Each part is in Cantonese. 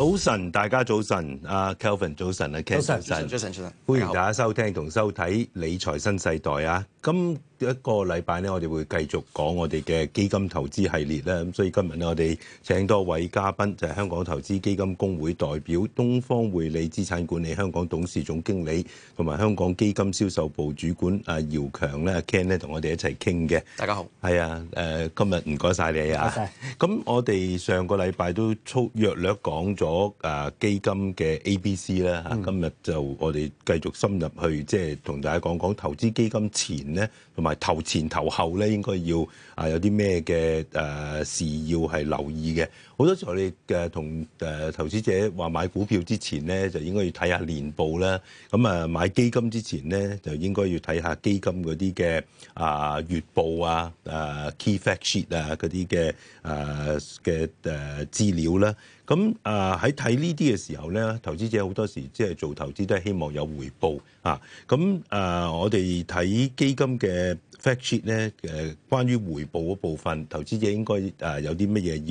早晨，大家早晨，啊 Kelvin 早晨，啊 Kenneth 早晨，歡迎大家收聽同收睇理財新世代啊，今。一個禮拜呢，我哋會繼續講我哋嘅基金投資系列啦。咁所以今日呢，我哋請多位嘉賓，就係、是、香港投資基金公會代表、東方匯理資產管理香港董事總經理同埋香港基金銷售部主管阿姚強咧、阿 Ken 咧，同我哋一齊傾嘅。大家好，係啊，誒，今日唔該晒你啊，咁我哋上個禮拜都粗略略講咗啊基金嘅 ABC 啦、嗯，今日就我哋繼續深入去，即係同大家講講投資基金前呢。同埋，頭前頭後咧，應該要啊有啲咩嘅誒事要係留意嘅，好多時候，你嘅同誒投資者話買股票之前咧，就應該要睇下年報啦。咁啊買基金之前咧，就應該要睇下基金嗰啲嘅啊月報啊、啊 key fact sheet 啊嗰啲嘅啊嘅誒資料啦。咁啊喺睇呢啲嘅時候咧，投資者好多時即係做投資都係希望有回報啊！咁啊，我哋睇基金嘅 fact sheet 咧，誒關於回報嗰部分，投資者應該啊有啲乜嘢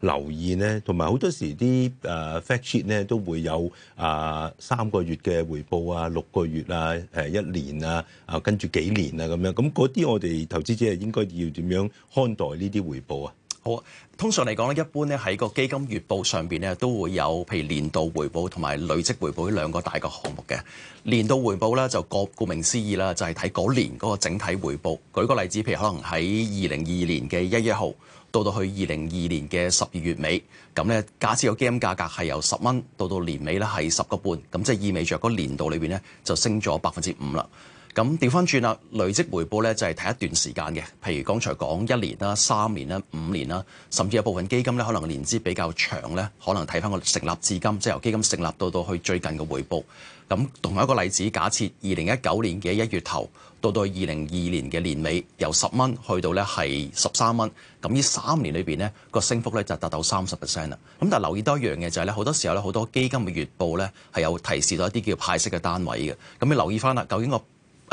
要留意咧？同埋好多時啲啊 fact sheet 咧都會有啊三個月嘅回報啊，六個月啊，誒一年啊，啊跟住幾年啊咁樣，咁嗰啲我哋投資者係應該要點樣看待呢啲回報啊？好，通常嚟講咧，一般咧喺個基金月報上邊咧，都會有譬如年度回報同埋累積回報呢兩個大嘅項目嘅。年度回報咧就各顧名思義啦，就係睇嗰年嗰個整體回報。舉個例子，譬如可能喺二零二年嘅一月號到到去二零二年嘅十二月尾，咁咧假設個基金價格係由十蚊到到年尾咧係十個半，咁即係意味着嗰年度裏邊咧就升咗百分之五啦。咁調翻轉啦，累積回報咧就係睇一段時間嘅，譬如剛才講一年啦、三年啦、五年啦，甚至有部分基金咧可能年資比較長咧，可能睇翻個成立至今，即係由基金成立到到去最近嘅回報。咁同一個例子，假設二零一九年嘅一月頭到到二零二二年嘅年尾，由十蚊去到咧係十三蚊，咁呢三年裏邊咧個升幅咧就達到三十 percent 啦。咁但係留意多一樣嘢就係咧，好多時候咧好多基金嘅月報咧係有提示到一啲叫派息嘅單位嘅，咁你留意翻啦，究竟個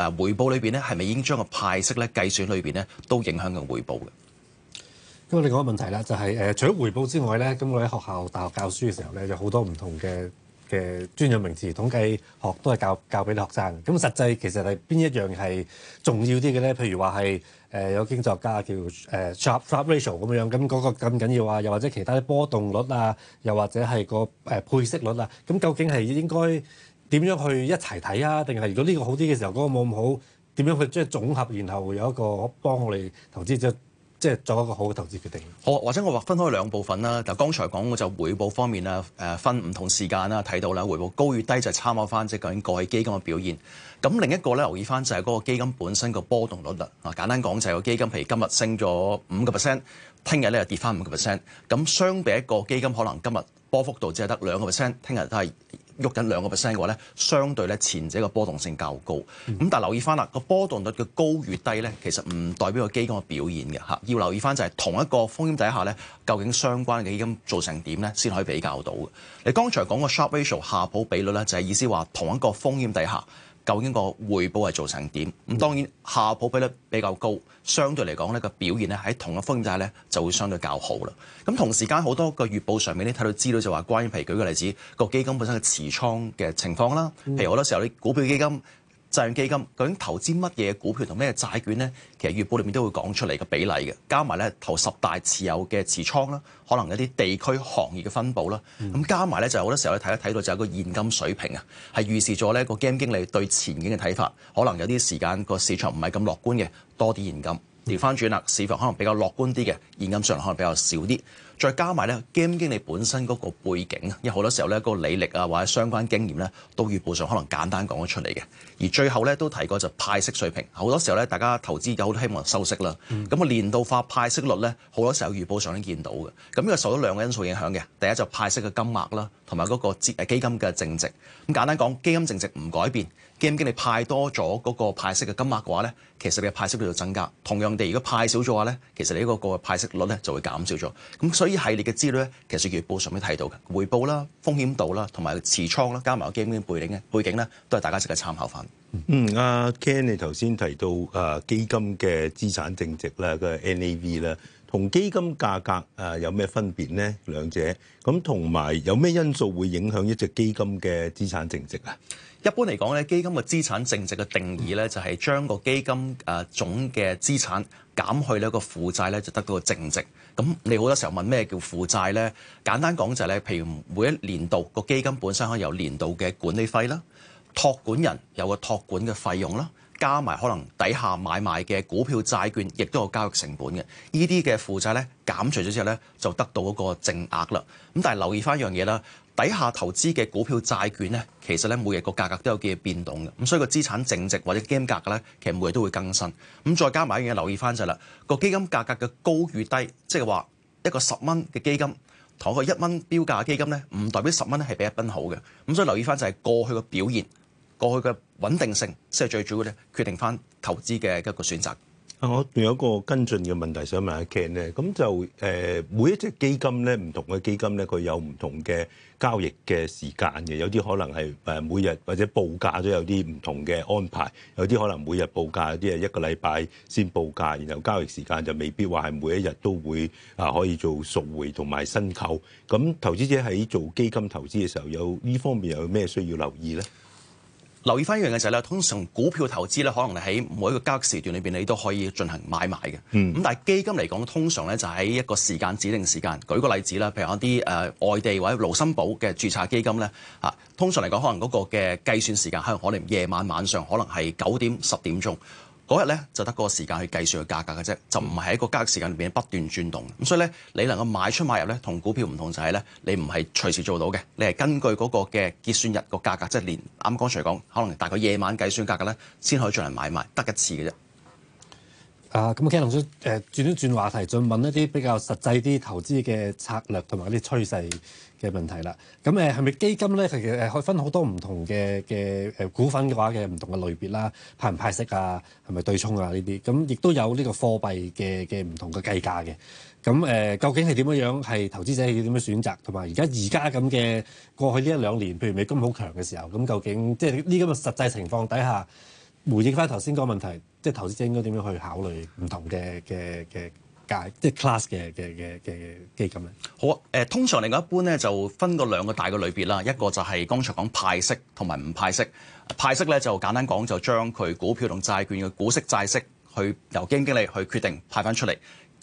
誒、啊、回報裏邊咧，係咪已經將個派息咧計算裏邊咧，都影響個回報嘅？咁我另外個問題咧、就是，就係誒除咗回報之外咧，咁、嗯、我喺學校大學教書嘅時候咧，有好多唔同嘅嘅專有名詞統計學都係教教俾啲學生。咁實際其實係邊一樣係重要啲嘅咧？譬如話係誒有經濟學家叫誒、呃、Sharpe Sharp Ratio 咁樣，咁嗰個咁緊要啊！又或者其他啲波動率啊，又或者係、那個誒、呃、配息率啊，咁究竟係應該點樣去一齊睇啊？定係如果呢個好啲嘅時候，嗰個冇咁好，點樣去即係總合，然後有一個幫我哋投資者，即係做一個好嘅投資決定。好，或者我話分開兩部分啦。嗱，剛才講我就回報方面啦，誒分唔同時間啦，睇到啦，回報高與低就參考翻即係究竟過去基金嘅表現。咁另一個咧，留意翻就係嗰個基金本身個波動率啊。簡單講就係個基金，譬如今日升咗五個 percent，聽日咧就跌翻五個 percent。咁相比一個基金，可能今日波幅度只係得兩個 percent，聽日都係喐緊兩個 percent 嘅話咧，相對咧前者個波動性較高。咁、嗯、但係留意翻啦，個波動率嘅高與低咧，其實唔代表個基金嘅表現嘅嚇。要留意翻就係同一個風險底下咧，究竟相關嘅基金做成點咧，先可以比較到。你剛才講個 Sharpe Ratio 夏普比率咧，就係意思話同一個風險底下。究竟個回報係做成點咁？ 當然夏普比率比較高，相對嚟講咧個表現咧喺同一風格咧就會相對較好啦。咁同時間好多個月報上面咧睇到資料就話，關於譬如舉個例子個基金本身嘅持倉嘅情況啦，譬如好多時候啲股票基金。債券基金究竟投資乜嘢股票同咩債券咧？其實月報裏面都會講出嚟嘅比例嘅，加埋咧頭十大持有嘅持倉啦，可能有一啲地區行業嘅分佈啦，咁、嗯、加埋咧就係好多時候咧睇一睇到就係個現金水平啊，係預示咗呢個 game 經理對前景嘅睇法，可能有啲時間個市場唔係咁樂觀嘅，多啲現金調翻轉啦，市場可能比較樂觀啲嘅現金上可能比較少啲。再加埋咧，基金經理本身嗰個背景，因為好多時候咧，嗰、那個履歷啊或者相關經驗咧，到月報上可能簡單講得出嚟嘅。而最後咧，都提過就派息水平，好多時候咧，大家投資有好多希望收息啦。咁啊，年度化派息率咧，好多時候月報上都見到嘅。咁、那、呢個受咗兩個因素影響嘅，第一就派息嘅金額啦，同埋嗰個基金嘅淨值。咁簡單講，基金淨值唔改變。基金經理派多咗嗰個派息嘅金額嘅話咧，其實你嘅派息率就增加。同樣地，如果派少咗話咧，其實你嗰個派息率咧就會減少咗。咁所以系列嘅資料咧，其實月報上面睇到嘅回報啦、風險度啦、同埋持倉啦，加埋、嗯、基金背景嘅背景咧，都係大家值得參考翻。嗯，阿 Ken 你頭先提到誒基金嘅資產淨值咧嘅 NAV 咧。同基金價格誒有咩分別呢？兩者咁同埋有咩因素會影響一隻基金嘅資產淨值啊？一般嚟講咧，基金嘅資產淨值嘅定義咧，就係將個基金誒總嘅資產減去呢個負債咧，就得到個淨值。咁你好多時候問咩叫負債咧？簡單講就係咧，譬如每一年度個基金本身可以有年度嘅管理費啦，託管人有個託管嘅費用啦。加埋可能底下買賣嘅股票債券，亦都有交易成本嘅。呢啲嘅負債咧減除咗之後咧，就得到嗰個淨額啦。咁但係留意翻一樣嘢啦，底下投資嘅股票債券咧，其實咧每日個價格都有幾變動嘅。咁所以個資產淨值或者 game 價格咧，其實每日都會更新。咁再加埋一樣嘢留意翻就係、是、啦，個基金價格嘅高與低，即係話一個十蚊嘅基金，同個一蚊標價嘅基金咧，唔代表十蚊咧係比一蚊好嘅。咁所以留意翻就係過去個表現。過去嘅穩定性即係最主要咧，決定翻投資嘅一個選擇。啊，我仲有一個跟進嘅問題想問阿 Ken 咧。咁就誒，每一隻基金咧，唔同嘅基金咧，佢有唔同嘅交易嘅時間嘅。有啲可能係誒每日或者報價都有啲唔同嘅安排，有啲可能每日報價，有啲係一個禮拜先報價，然後交易時間就未必話係每一日都會啊可以做贖回同埋申購。咁投資者喺做基金投資嘅時候，有呢方面有咩需要留意咧？留意翻一樣嘅就係咧，通常股票投資咧，可能喺每一個交易時段裏邊，你都可以進行買賣嘅。咁、嗯、但係基金嚟講，通常咧就喺一個時間指定時間。舉個例子啦，譬如一啲誒外地或者盧森堡嘅註冊基金咧，嚇，通常嚟講，可能嗰個嘅計算時間係可能夜晚晚上，可能係九點十點鐘。嗰日咧就得嗰個時間去計算個價格嘅啫，就唔係喺個交易時間裏邊不斷轉動咁，所以咧你能夠買出買入咧同股票唔同就係咧你唔係隨時做到嘅，你係根據嗰個嘅結算日個價格，即係連啱剛才講可能大概夜晚計算價格咧先可以進行買賣，得一次嘅啫。啊，咁啊，梁、呃、叔，誒轉一轉話題，想問一啲比較實際啲投資嘅策略同埋一啲趨勢嘅問題啦。咁誒係咪基金咧？其實誒可以分好多唔同嘅嘅誒股份嘅話嘅唔同嘅類別啦，派唔派息啊，係咪對沖啊呢啲？咁亦都有呢個貨幣嘅嘅唔同嘅計價嘅。咁誒、呃，究竟係點樣樣係投資者要點樣選擇？同埋而家而家咁嘅過去呢一兩年，譬如美金好強嘅時候，咁究竟即係呢咁嘅實際情況底下？回應翻頭先個問題，即係投資者應該點樣去考慮唔同嘅嘅嘅界，即係 class 嘅嘅嘅嘅基金咧？好啊，誒、呃，通常嚟講，一般咧就分個兩個大嘅類別啦，一個就係剛才講派息同埋唔派息。派息咧就簡單講，就將佢股票同債券嘅股息、債息，去由基金經理去決定派翻出嚟，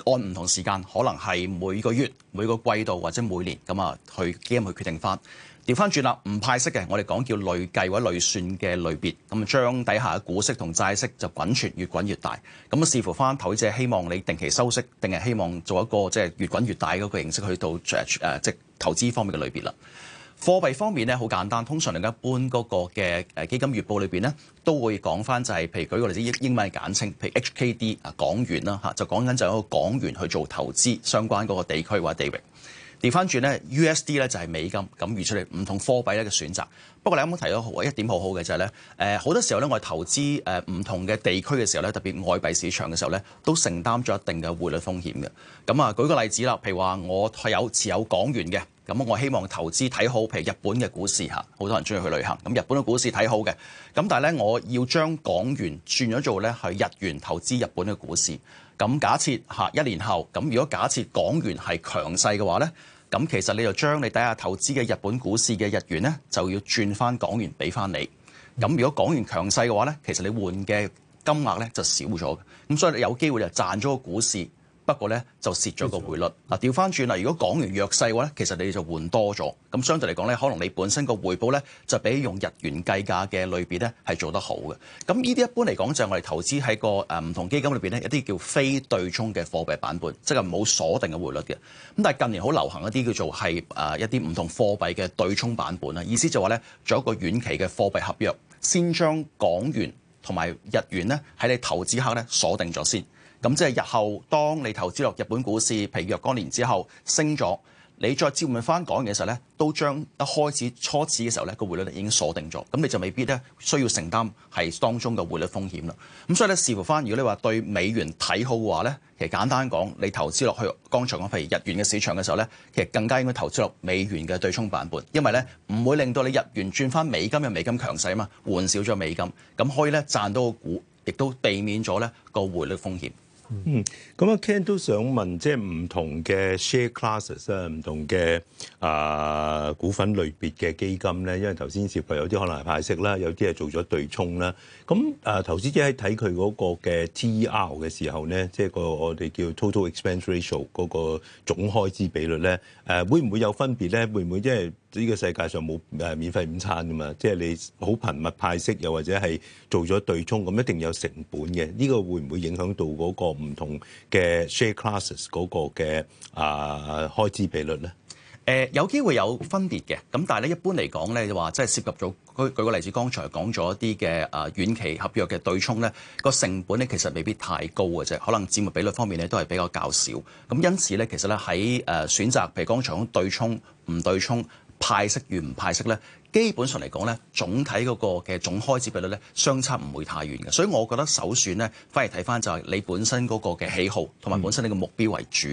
按唔同時間，可能係每個月、每個季度或者每年，咁啊，去基金去決定翻。調翻轉啦，唔派息嘅，我哋講叫累計或者累算嘅類別，咁將底下嘅股息同債息就滾存越滾越大。咁啊視乎翻投資，希望你定期收息，定係希望做一個即係越滾越大嗰個形式去到誒、啊、即投資方面嘅類別啦。貨幣方面咧好簡單，通常嚟講一般嗰個嘅誒基金月報裏邊咧都會講翻就係、是，譬如舉個例子英英文嘅簡稱，譬如 HKD 啊港元啦嚇，就講緊就係一個港元去做投資相關嗰個地區或者地域。調翻轉咧，USD 呢就係美金，咁預出嚟唔同貨幣咧嘅選擇。不過你有冇提到一點好好嘅就係咧，誒好多時候咧我哋投資誒唔同嘅地區嘅時候咧，特別外幣市場嘅時候咧，都承擔咗一定嘅匯率風險嘅。咁啊，舉個例子啦，譬如話我係有持有港元嘅，咁我希望投資睇好譬如日本嘅股市嚇，好多人鍾意去旅行，咁日本嘅股市睇好嘅。咁但係咧，我要將港元轉咗做咧係日元投資日本嘅股市。咁假設嚇一年後，咁如果假設港元係強勢嘅話咧。咁其實你就將你底下投資嘅日本股市嘅日元咧，就要轉翻港元俾翻你。咁如果港元強勢嘅話咧，其實你換嘅金額咧就少咗。咁所以你有機會就賺咗個股市。不過咧就蝕咗個匯率嗱，調翻轉啦！如果港元弱勢嘅話咧，其實你就換多咗，咁相對嚟講咧，可能你本身個回報咧就比用日元計價嘅類別咧係做得好嘅。咁呢啲一般嚟講就係我哋投資喺個誒唔同基金裏邊咧，一啲叫非對沖嘅貨幣版本，即係唔好鎖定嘅匯率嘅。咁但係近年好流行一啲叫做係誒一啲唔同貨幣嘅對沖版本啦，意思就話咧做一個遠期嘅貨幣合約，先將港元同埋日元咧喺你投資刻咧鎖定咗先。咁即係日後，當你投資落日本股市，譬如若干年之後升咗，你再接換翻港嘅時候咧，都將一開始初始嘅時候咧個匯率已經鎖定咗，咁你就未必咧需要承擔係當中嘅匯率風險啦。咁所以咧，視乎翻如果你話對美元睇好嘅話咧，其實簡單講，你投資落去剛才講譬如日元嘅市場嘅時候咧，其實更加應該投資落美元嘅對沖版本，因為咧唔會令到你日元轉翻美金，因為美金強勢啊嘛，換少咗美金，咁可以咧賺到個股，亦都避免咗咧個匯率風險。嗯，咁阿 Ken 都想問，即係唔同嘅 share classes 啊，唔同嘅啊股份類別嘅基金咧，因為頭先涉及有啲可能係派息啦，有啲係做咗對沖啦。咁誒，投資者喺睇佢嗰個嘅 TER 嘅時候咧，即係個我哋叫 total expense ratio 嗰個總開支比率咧，誒、啊、會唔會有分別咧？會唔會即係呢個世界上冇誒免費午餐㗎嘛？即、就、係、是、你好頻密派息又或者係做咗對沖，咁一定有成本嘅。呢、這個會唔會影響到嗰、那個？唔同嘅 share classes 嗰個嘅啊開支比率咧，誒、呃、有機會有分別嘅，咁但係咧一般嚟講咧就話即係涉及咗舉舉個例子，剛才講咗一啲嘅啊遠期合約嘅對沖咧，個成本咧其實未必太高嘅啫，可能佔嘅比率方面咧都係比較較少，咁因此咧其實咧喺誒選擇譬如剛才講對沖唔對沖派息與唔派息咧。基本上嚟講呢，總體嗰個嘅總開支比率呢，相差唔會太遠嘅，所以我覺得首選呢，反而睇返就係你本身嗰個嘅喜好同埋本身你嘅目標為主，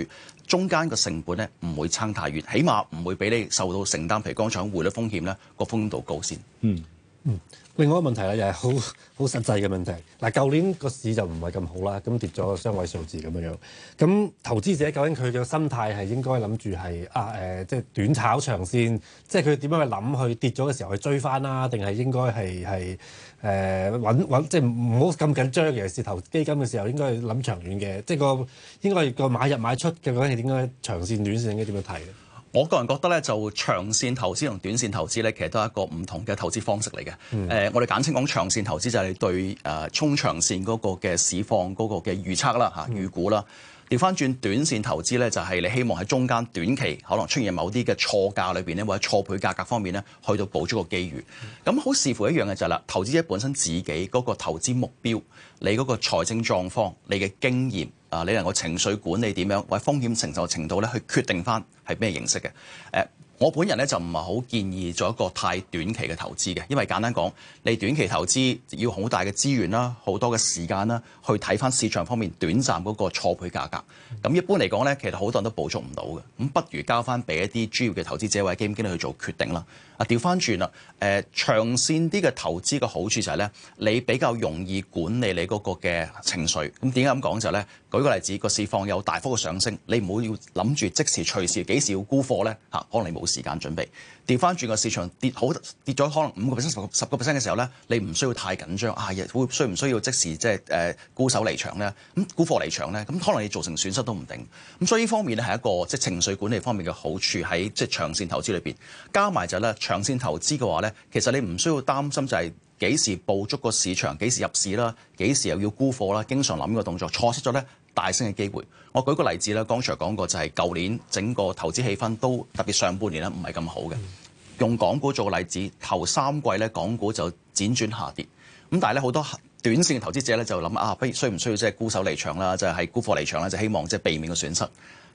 中間個成本呢，唔會差太遠，起碼唔會俾你受到承擔，譬如講匯率風險呢個風險度高先。嗯嗯。嗯。另外一個問題咧，又係好好實際嘅問題。嗱，舊年個市就唔係咁好啦，咁跌咗個雙位數字咁樣樣。咁投資者究竟佢嘅心態係應該諗住係啊？誒、呃，即係短炒長線，即係佢點樣去諗？去跌咗嘅時候去追翻啦，定係應該係係誒揾揾？即係唔好咁緊張。尤其是投資基金嘅時候應該諗長遠嘅，即係個應該個買入買出嘅嗰陣係點樣？長線短線應該點樣睇嘅？我個人覺得咧，就長線投資同短線投資咧，其實都係一個唔同嘅投資方式嚟嘅。誒、mm hmm. 呃，我哋簡稱講長線投資就係對誒沖、呃、長線嗰個嘅市況嗰個嘅預測啦、嚇預、mm hmm. 估啦。調翻轉短線投資呢，就係你希望喺中間短期可能出現某啲嘅錯價裏邊咧，或者錯配價格方面呢，去到捕捉個機遇。咁好、嗯、視乎一樣嘅就係、是、啦，投資者本身自己嗰個投資目標、你嗰個財政狀況、你嘅經驗啊、你能夠情緒管理點樣，或者風險承受程度呢，去決定翻係咩形式嘅誒。我本人咧就唔係好建議做一個太短期嘅投資嘅，因為簡單講，你短期投資要好大嘅資源啦，好多嘅時間啦，去睇翻市場方面短暫嗰個錯配價格。咁一般嚟講呢，其實好多人都捕捉唔到嘅，咁不如交翻俾一啲主要嘅投資者或者基金經理去做決定啦。啊，調翻轉啦，誒、呃、長線啲嘅投資嘅好處就係咧，你比較容易管理你嗰個嘅情緒。咁點解咁講就係咧？舉個例子，個市況有大幅嘅上升，你唔好要諗住即時隨時幾時要沽貨咧嚇、啊，可能你冇時間準備。跌翻轉個市場跌好跌咗，可能五個 percent 十個十個 percent 嘅時候咧，你唔需要太緊張啊！會需唔需要即時即係誒沽手離場咧？咁沽貨離場咧，咁可能你造成損失都唔定。咁所以呢方面咧係一個即係情緒管理方面嘅好處喺即係長線投資裏邊，加埋就係咧長線投資嘅話咧，其實你唔需要擔心就係幾時捕捉個市場，幾時入市啦，幾時又要沽貨啦，經常諗呢個動作錯失咗咧。大升嘅機會，我舉個例子咧，剛才講過就係舊年整個投資氣氛都特別上半年咧唔係咁好嘅。用港股做例子，頭三季咧港股就輾轉下跌，咁但係咧好多短線嘅投資者咧就諗啊，需不需唔需要即係沽手離場啦，就係係沽貨離場啦，就希望即係避免個損失。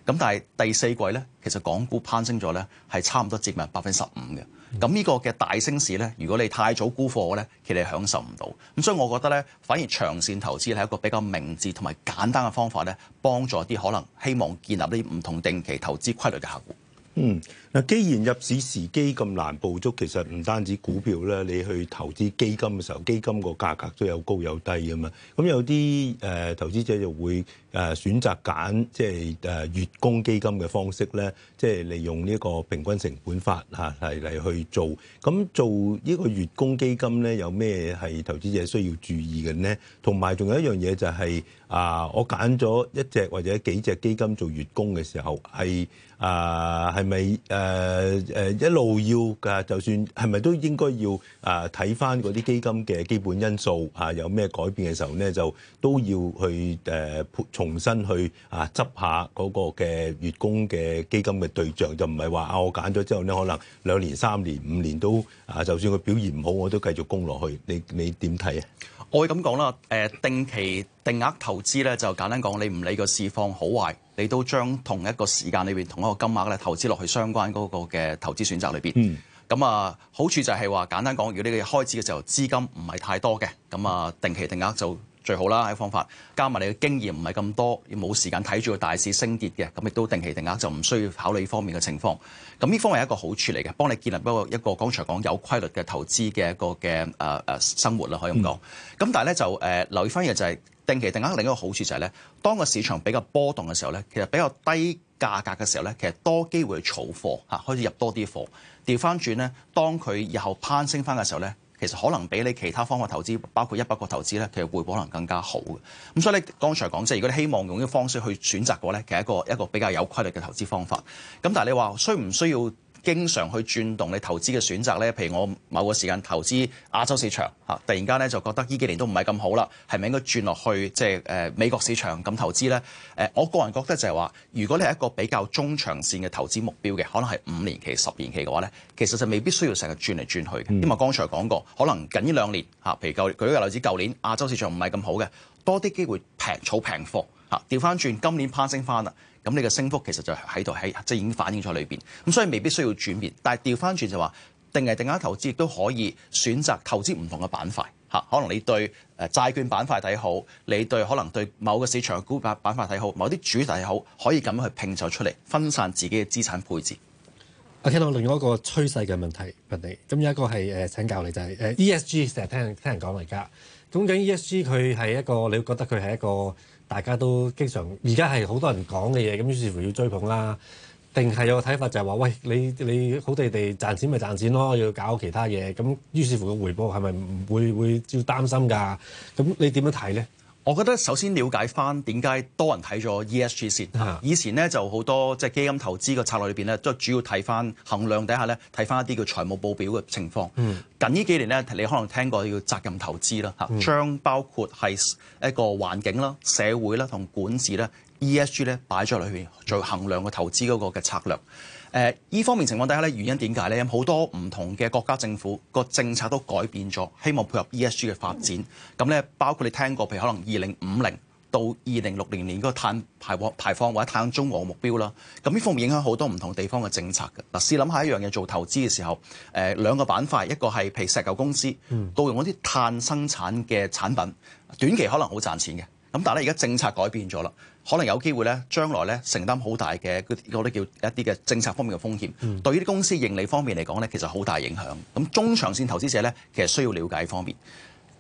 咁但係第四季呢，其實港股攀升咗呢，係差唔多接近百分之十五嘅。咁呢個嘅大升市呢，如果你太早沽貨呢，其實你享受唔到。咁所以我覺得呢，反而長線投資係一個比較明智同埋簡單嘅方法呢，幫助啲可能希望建立啲唔同定期投資規律嘅客戶。嗯。嗱，既然入市時機咁難捕捉，其實唔單止股票咧，你去投資基金嘅時候，基金個價格都有高有低吖嘛。咁有啲誒投資者就會誒選擇揀即係誒月供基金嘅方式咧，即係利用呢個平均成本法啊嚟嚟去做。咁做呢個月供基金咧，有咩係投資者需要注意嘅咧？同埋仲有一樣嘢就係啊，我揀咗一隻或者幾隻基金做月供嘅時候，係啊係咪誒？是誒誒一路要㗎，就算係咪都應該要啊睇翻嗰啲基金嘅基本因素啊，有咩改變嘅時候咧，就都要去誒重新去啊執下嗰個嘅月供嘅基金嘅對象，就唔係話啊我揀咗之後咧，可能兩年、三年、五年都啊，就算佢表現唔好，我都繼續供落去。你你點睇啊？我會咁講啦，誒定期定額投資咧，就簡單講，你唔理個市況好壞，你都將同一個時間裏面同一個金額咧投資落去相關嗰個嘅投資選擇裏面。咁、嗯、啊，好處就係話簡單講，如果你嘅開始嘅時候資金唔係太多嘅，咁啊定期定額就最好啦，喺方法加埋你嘅經驗唔係咁多，冇時間睇住個大市升跌嘅，咁亦都定期定額，就唔需要考慮呢方面嘅情況。咁呢方係一個好處嚟嘅，幫你建立一個剛一個剛才講有規律嘅投資嘅一個嘅誒誒生活啦，可以咁講。咁、嗯、但係咧就誒、呃、留意翻嘅就係、是、定期定額另一個好處就係、是、咧，當個市場比較波動嘅時候咧，其實比較低價格嘅時候咧，其實多機會去儲貨嚇，開始入多啲貨。調翻轉咧，當佢以後攀升翻嘅時候咧。其實可能比你其他方法投資，包括一筆過投資咧，其實回報可能更加好嘅。咁所以你剛才講即係如果你希望用呢個方式去選擇嘅話，其實一個一個比較有規律嘅投資方法。咁但係你話需唔需要？經常去轉動你投資嘅選擇呢，譬如我某個時間投資亞洲市場嚇、啊，突然間呢，就覺得呢幾年都唔係咁好啦，係咪應該轉落去即係、就是呃、美國市場咁投資呢、呃？我個人覺得就係話，如果你係一個比較中長線嘅投資目標嘅，可能係五年期、十年期嘅話呢，其實就未必需要成日轉嚟轉去，因為剛才講過，可能近呢兩年嚇、啊，譬如舊舉個例子，舊年亞洲市場唔係咁好嘅，多啲機會平炒平貨。嚇調翻轉，今年攀升翻啦。咁你個升幅其實就喺度，喺即係已經反映咗裏邊咁，所以未必需要轉變。但係調翻轉就話，定係定額投資亦都可以選擇投資唔同嘅板塊嚇。可能你對誒債券板塊睇好，你對可能對某個市場股板板塊睇好，某啲主題好，可以咁樣去拼湊出嚟分散自己嘅資產配置。我、啊、聽到另外一個趨勢嘅問題，問你咁有一個係誒請教你就係、是、E S G 成日聽聽人講嚟噶。究竟 E S G 佢係一個，你會覺得佢係一個？大家都經常，而家係好多人講嘅嘢，咁於是乎要追捧啦，定係有個睇法就係話：喂，你你好地地賺錢咪賺錢咯，要搞其他嘢，咁於是乎個回報係咪唔會會要擔心㗎？咁你點樣睇咧？我覺得首先了解翻點解多人睇咗 ESG 先。以前咧就好多即係基金投資個策略裏邊咧，都主要睇翻衡量底下咧，睇翻一啲叫財務報表嘅情況。近呢幾年咧，你可能聽過叫責任投資啦，嚇，將包括係一個環境啦、社會啦同管治咧，ESG 咧擺咗裏邊，做衡量個投資嗰個嘅策略。誒依方面情況底下咧，原因點解咧？有好多唔同嘅國家政府個政策都改變咗，希望配合 ESG 嘅發展。咁咧，包括你聽過，譬如可能二零五零到二零六零年嗰個碳排放排放或者碳中和目標啦。咁呢方面影響好多唔同地方嘅政策嘅。嗱，試諗下一樣嘢，做投資嘅時候，誒兩個板塊，一個係譬如石油公司，到用嗰啲碳生產嘅產品，短期可能好賺錢嘅。咁但係而家政策改變咗啦，可能有機會呢將來呢承擔好大嘅嗰啲叫一啲嘅政策方面嘅風險，嗯、對於啲公司盈利方面嚟講呢，其實好大影響。咁中長線投資者呢，其實需要了解方面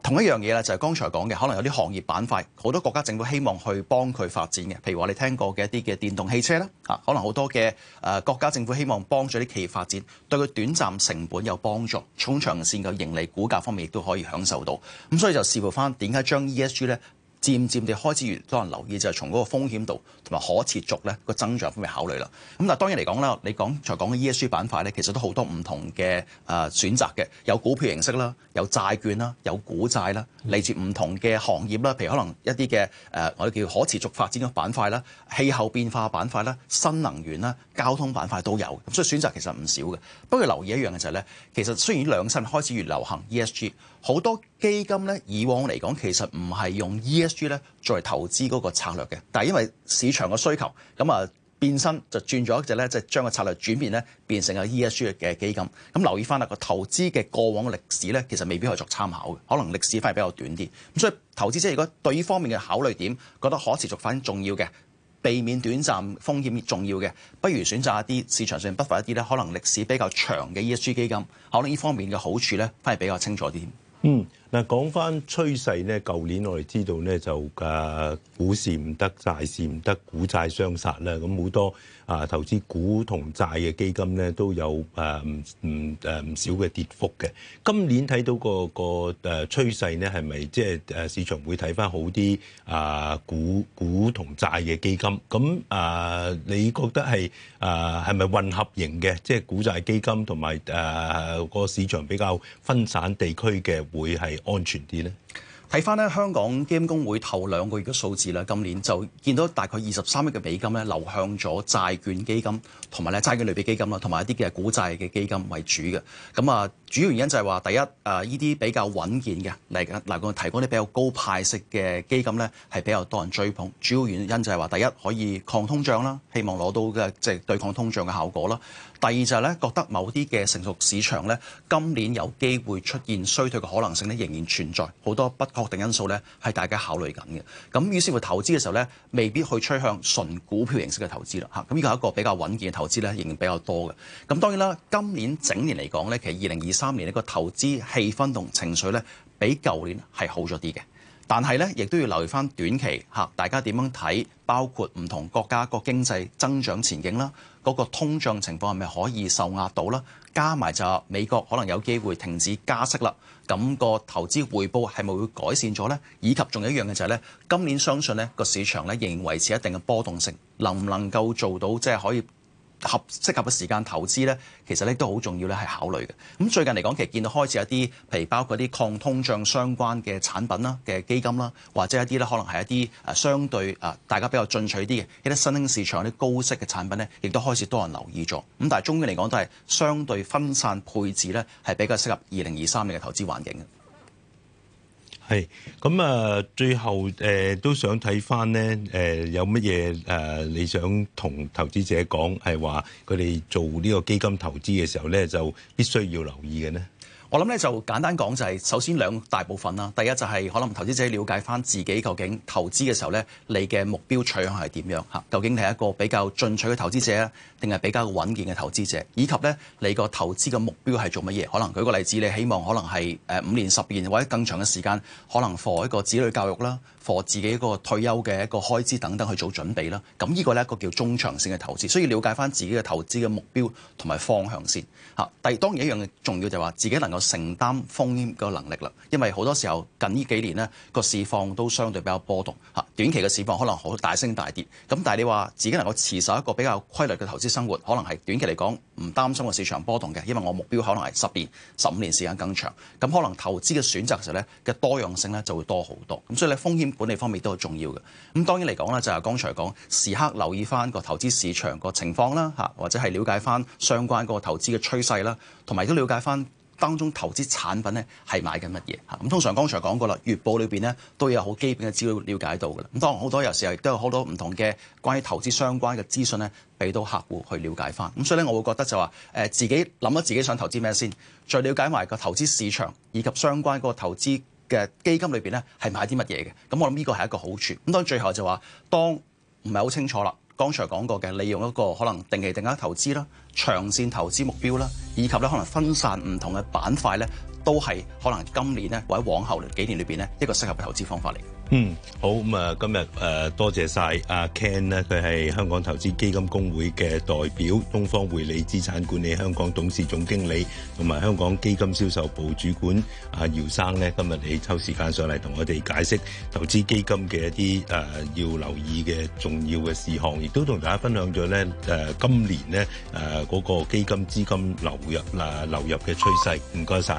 同一樣嘢呢，就係剛才講嘅，可能有啲行業板塊好多國家政府希望去幫佢發展嘅，譬如話你聽過嘅一啲嘅電動汽車啦嚇，可能好多嘅誒國家政府希望幫助啲企業發展，對佢短暫成本有幫助，中長線嘅盈利、股價方面亦都可以享受到。咁所以就視乎翻點解將 ESG 呢。漸漸地開始越多人留意，就係、是、從嗰個風險度同埋可持續呢個增長方面考慮啦。咁但係當然嚟講啦，你剛才講嘅 ESG 板塊呢，其實都好多唔同嘅誒、呃、選擇嘅，有股票形式啦，有債券啦，有股債啦，嚟自唔同嘅行業啦，譬如可能一啲嘅誒，我哋叫可持續發展嘅板塊啦，氣候變化板塊啦，新能源啦，交通板塊都有，咁所以選擇其實唔少嘅。不過留意一樣嘅就係、是、呢，其實雖然兩三年開始越流行 ESG。ES G, 好多基金咧，以往嚟講其實唔係用 ESG 咧作為投資嗰個策略嘅，但係因為市場嘅需求，咁啊變身就轉咗一隻咧，即係將個策略轉變咧變成個 ESG 嘅基金。咁留意翻啦，個投資嘅過往歷史咧，其實未必可以作參考嘅，可能歷史反而比較短啲。咁所以投資者如果對呢方面嘅考慮點，覺得可持續發展重要嘅，避免短暫風險重要嘅，不如選擇一啲市場上不乏一啲咧，可能歷史比較長嘅 ESG 基金，可能呢方面嘅好處咧反而比較清楚啲。嗯，嗱，講翻趨勢咧，舊年我哋知道咧就誒、啊、股市唔得，債市唔得，股債相殺咧，咁好多啊投資股同債嘅基金咧都有誒唔唔誒唔少嘅跌幅嘅。今年睇到、那個個誒趨勢咧，係咪即係誒市場會睇翻好啲啊股股同債嘅基金？咁啊，你覺得係啊係咪混合型嘅，即、就、係、是、股債基金同埋誒個市場比較分散地區嘅？會係安全啲咧？Boy, 睇翻咧香港基金公會頭兩個月嘅數字咧，今年就見到大概二十三億嘅美金咧流向咗債券基金同埋咧債券類別基金啦，同埋一啲嘅股債嘅基金為主嘅。咁啊，主要原因就係話第一誒呢啲比較穩健嘅嚟緊，嚟講提供啲比較高派息嘅基金咧係比較多人追捧。主要原因就係話第一可以抗通脹啦，希望攞到嘅即係對抗通脹嘅效果啦。第二就係咧覺得某啲嘅成熟市場咧今年有機會出現衰退嘅可能性咧仍然存在，好多不確定因素咧，係大家考慮緊嘅。咁於是乎投資嘅時候咧，未必去趨向純股票形式嘅投資啦。嚇，咁呢個係一個比較穩健嘅投資咧，仍然比較多嘅。咁當然啦，今年整年嚟講咧，其實二零二三年呢個投資氣氛同情緒咧，比舊年係好咗啲嘅。但係咧，亦都要留意返短期嚇，大家點樣睇？包括唔同國家個經濟增長前景啦，嗰、那個通脹情況係咪可以受壓到啦？加埋就美國可能有機會停止加息啦，咁、那個投資回報係咪會改善咗呢？以及仲有一樣嘅就係、是、咧，今年相信咧個市場咧仍然維持一定嘅波動性，能唔能夠做到即係、就是、可以？合適合嘅時間投資呢，其實呢都好重要呢係考慮嘅。咁最近嚟講，其實見到開始有啲，譬如包括啲抗通脹相關嘅產品啦、嘅基金啦，或者一啲呢可能係一啲誒相對誒大家比較進取啲嘅一啲新興市場啲高息嘅產品呢，亦都開始多人留意咗。咁但係總嘅嚟講都係相對分散配置呢，係比較適合二零二三年嘅投資環境嘅。係，咁啊，最後誒、呃、都想睇返咧，誒、呃、有乜嘢誒你想同投資者講，係話佢哋做呢個基金投資嘅時候咧，就必須要留意嘅咧。我諗咧就簡單講就係，首先兩大部分啦。第一就係可能投資者了解返自己究竟投資嘅時候呢，你嘅目標取向係點樣嚇？究竟係一個比較進取嘅投資者定係比較穩健嘅投資者？以及呢，你個投資嘅目標係做乜嘢？可能舉個例子，你希望可能係誒五年、十年或者更長嘅時間，可能 for 一個子女教育啦。貨自己一個退休嘅一個開支等等去做準備啦，咁呢個呢，一個叫中長線嘅投資，所以了解翻自己嘅投資嘅目標同埋方向先嚇。但當然一樣嘅重要就係話自己能夠承擔風險嘅能力啦，因為好多時候近呢幾年呢個市況都相對比較波動嚇。短期嘅市況可能好大升大跌，咁但係你話自己能夠持守一個比較規律嘅投資生活，可能係短期嚟講唔擔心個市場波動嘅，因為我目標可能係十年、十五年時間更長，咁可能投資嘅選擇時候咧嘅多樣性咧就會多好多，咁所以咧風險管理方面都係重要嘅。咁當然嚟講咧就係剛才講，時刻留意翻個投資市場個情況啦，吓或者係了解翻相關個投資嘅趨勢啦，同埋亦都了解翻。當中投資產品咧係買緊乜嘢嚇咁？通常剛才講過啦，月報裏邊咧都有好基本嘅資料了解到噶啦。咁當然好多有時候亦都有好多唔同嘅關於投資相關嘅資訊咧，俾到客戶去了解翻。咁所以咧，我會覺得就話、是、誒自己諗咗自己想投資咩先，再了解埋個投資市場以及相關嗰個投資嘅基金裏邊咧係買啲乜嘢嘅。咁我諗呢個係一個好處。咁當然最後就話、是、當唔係好清楚啦。剛才講過嘅，利用一個可能定期定額投資啦、長線投資目標啦，以及咧可能分散唔同嘅板塊咧，都係可能今年咧，或者往後幾年裏邊咧，一個適合嘅投資方法嚟。嗯，好咁啊！今日誒多謝曬阿 Ken 咧，佢係香港投資基金公會嘅代表，東方匯理資產管理香港董事總經理，同埋香港基金銷售部主管阿姚生咧，今日你抽時間上嚟同我哋解釋投資基金嘅一啲誒要留意嘅重要嘅事項，亦都同大家分享咗咧誒今年咧誒嗰個基金資金流入啊流入嘅趨勢，唔該曬。